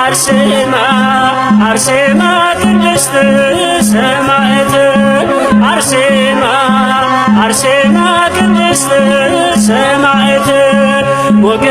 አርሴማ አርሴማ ቅድስት ሰማዕት አርሴማ አርሴማ ቅድስት ሰማዕት ሞገ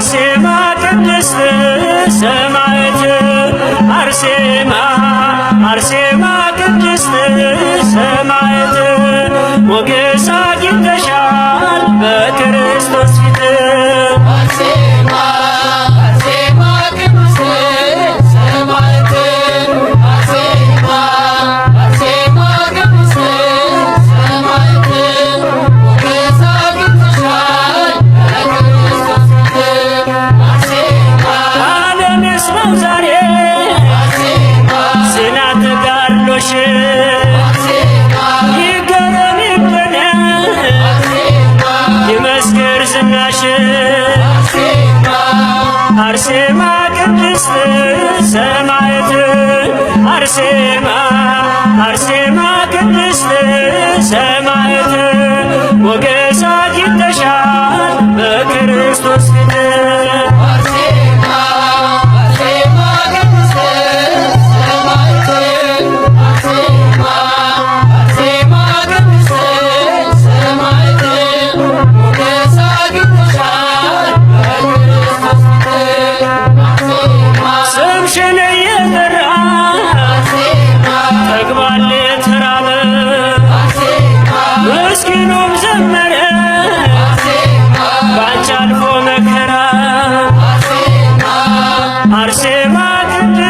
አርሴማ ቅድስት ሰማዕት አርሴ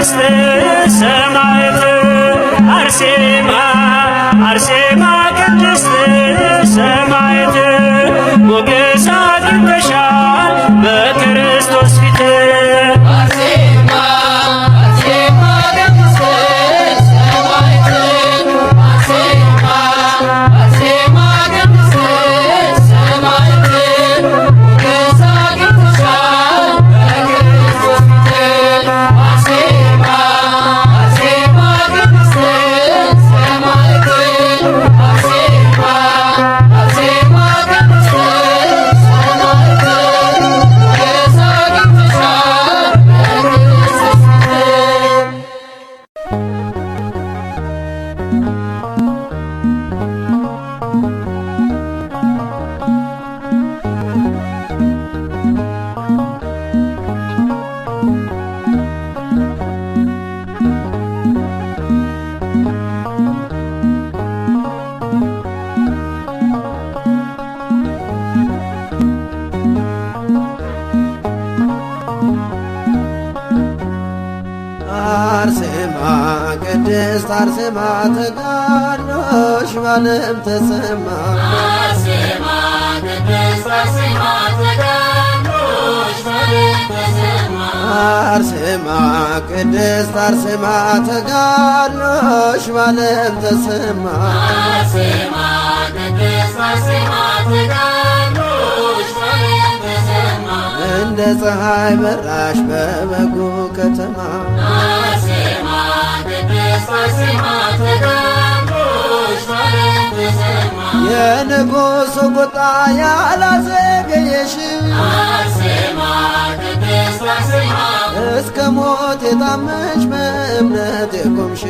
ቅድስት ሰማዕት አርሴማ አርሴማ ቅድስት አርሴማ ስማ ተጋድሎሽ ባለም ተሰማ አርስማ ቅድስት አርስማ ተጋድሎሽ ባለም ተሰማ እንደ ፀሐይ በራሽ በበጉ ከተማ የንጉሱ ቁጣ ያላዘገየሽ እስከ ሞት የታመች በእምነት የቆምሽ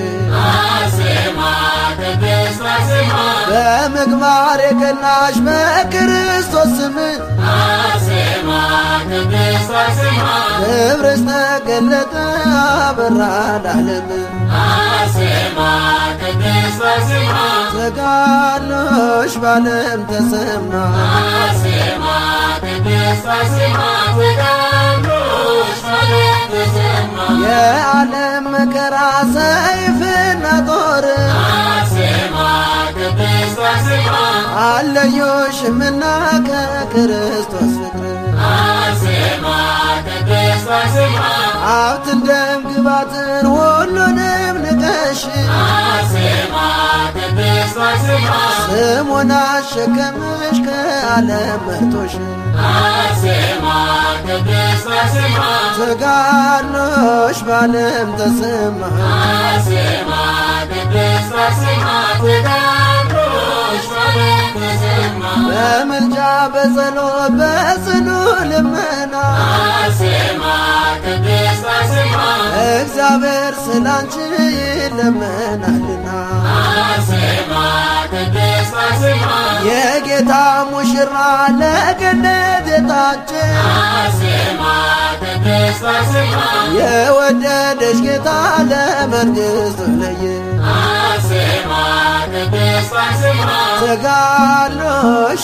በምግባር የቀናሽ በክርስቶስ ስም ክብርሽ ተገለጠ አበራ ላለም ተጋድሎሽ ባለም ተሰማ የዓለም መከራ ሰይፍና ጦር አለዮሽምና ከክርስቶስ ፍቅር ሀብትን ደም ግባትን ሁሉንም ንቀሽ ስሙን አሸከምሽ ከዓለም መርቶሽ ተጋድሎሽ በዓለም ተሰማ በምልጃ በጸሎ በጽኑ ልመና እግዚአብሔር ስላንቺ ይለመናልና የጌታ ሙሽራ ለገነት የታችን የወደደሽ ጌታ ለመንግሥት ለይ ተጋሎ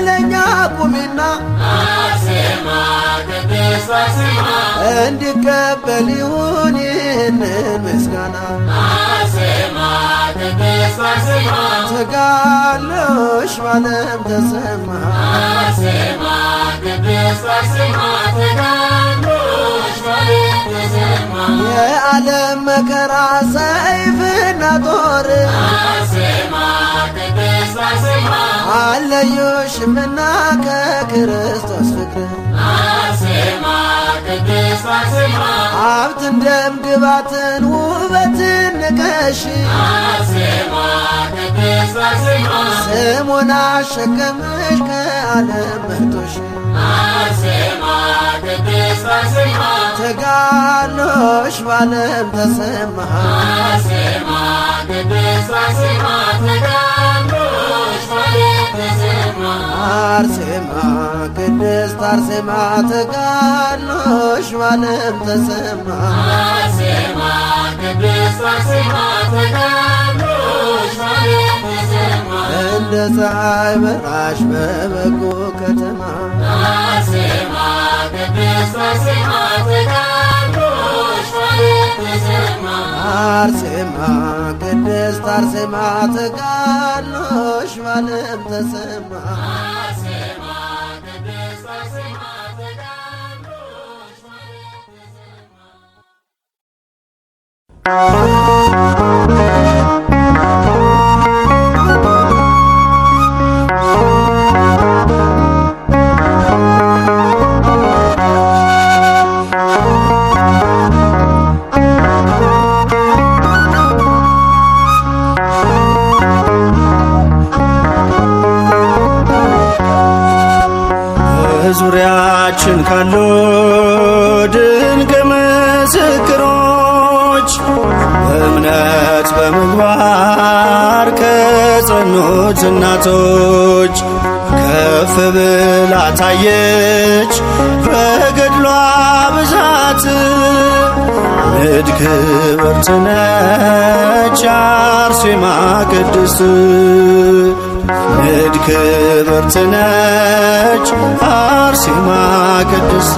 ኃይለኛ ቁሚና እንዲቀበል ይሁን ይህንን ምስጋና ትጋለሽ ባለም ተሰማ የዓለም መከራ ሰይፍና ጦር አለዩሽምና ከክርስቶስ ፍቅር ሀብትን ደም ግባትን ውበትን ንቀሽ ስሙን አሸከምሽ ከዓለም መርቶሽ ተጋሎሽ ባለም ተሰማ አርሴማ ቅድስት አርሴማ ተጋድሎሽ በዓለም ተሰማ። እንደ ፀሐይ በራሽ በበጎ ከተማ አርሴማ ቅድስት አርሴማ ተጋድሎሽ በዓለም ተሰማ። Thank የጸኑት እናቶች ከፍ ብላ ታየች በገድሏ ብዛት። ንድ ክብርት ነች አርሴማ ቅድስት፣ ንድ ክብርት ነች አርሴማ ቅድስት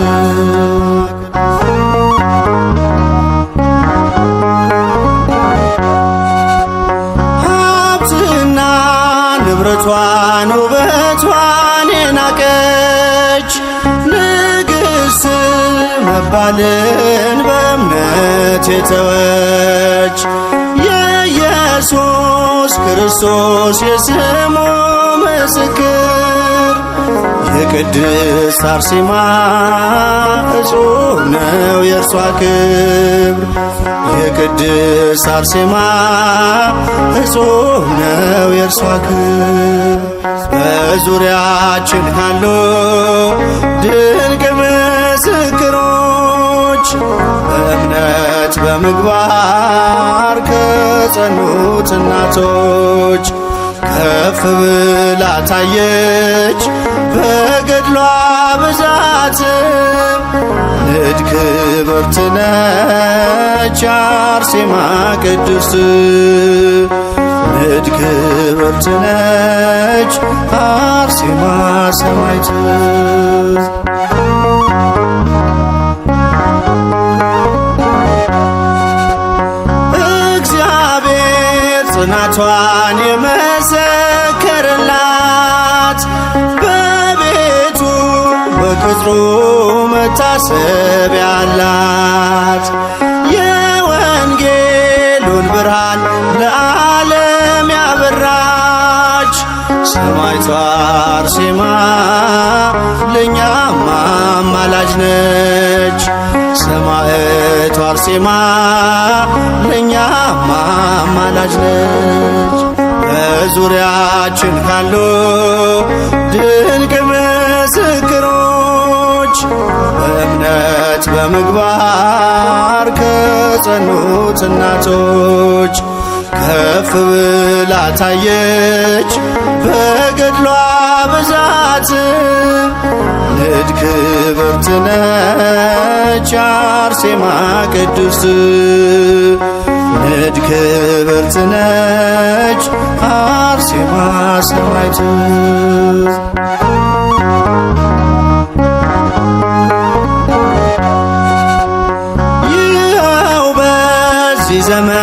ንብረቷን ውበቷን የናቀች መባልን በእምነት የተወች የኢየሱስ ክርስቶስ የስሙ ምስክር የቅድስት አርሴማ እጹብ ነው የእርሷ ክብር የቅድስት አርሴማ እጹብ ነው የእርሷ ክብር በዙሪያችን ካሉ ድንቅ ምስክሮች እምነት በምግባር ከጸኑት እናቶች ከፍ ብላ ታየች በገድሏ ብዛት ንድ ክብርት ነች አርሴማ ቅድስት ንድ ክብርት ነች አርሴማ ሰማዕት ልደቷን የመሰከረላት በቤቱ በቅጥሩ መታሰቢያ አላት። ሰማይቷ አርሴማ ለእኛ አማላጅ ነች። ሰማይቷ አርሴማ ለእኛ አማላጅ ነች። በዙሪያችን ካሉ ድንቅ ምስክሮች በእምነት በምግባር ከጸኑት እናቶች ከፍ ብላ ታየች በገድሏ ብዛት። ንድ ክብርት ነች አርሴማ ቅድስት ንድ ክብርት ነች አርሴማ ሰማዕት ይኸው በዚህ ዘመን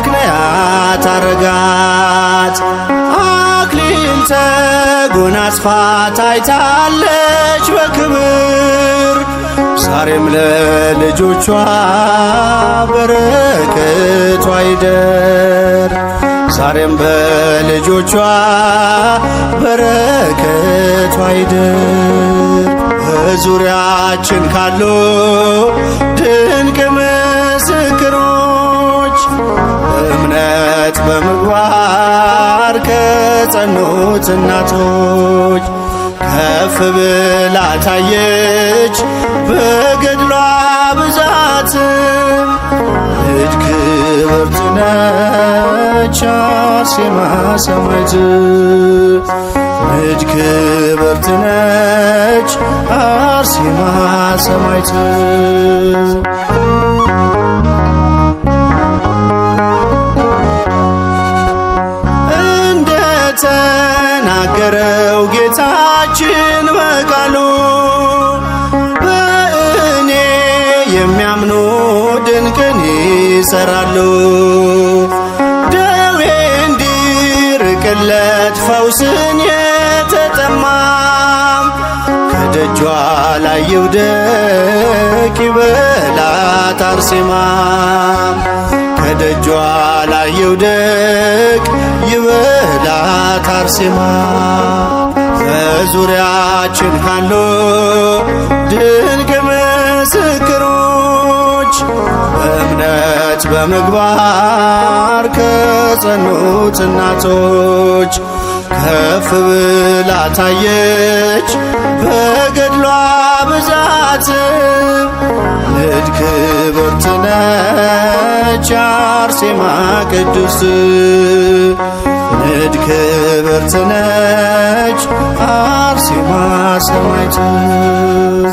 ምክንያት አረጋት። አክሊል ተጎናጽፋ ታይታለች በክብር ዛሬም ለልጆቿ በረከቷ ይደር። ዛሬም በልጆቿ በረከቷ ይደር። በዙሪያችን ካሉ ድንቅም በእምነት በምግባር ከጸኑት እናቶች ከፍ ብላ ታየች በገድሏ ብዛት ልጅ ክብርት ነች አርሴማ ሰማዕት ልጅ ክብርት ነች አርሴማ ሰማዕት ተናገረው ጌታችን በቃሉ በእኔ የሚያምኑ ድንቅን ይሰራሉ። ደዌ እንዲርቅለት ፈውስን የተጠማም! ከደጇ ላይ ይውደቅ ይበላት አርሴማ ከደጇ ላይ ይውደቅ ስማ በዙሪያችን ካሉ ድንቅ ምስክሮች በእምነት በምግባር ከጸኑት እናቶች ከፍ ብላ ታየች በገድሏ ብዛት ልድ ክብርት ነች አርሴማ ቅዱስ ክብርት ነች አርሴማ ሰማዕት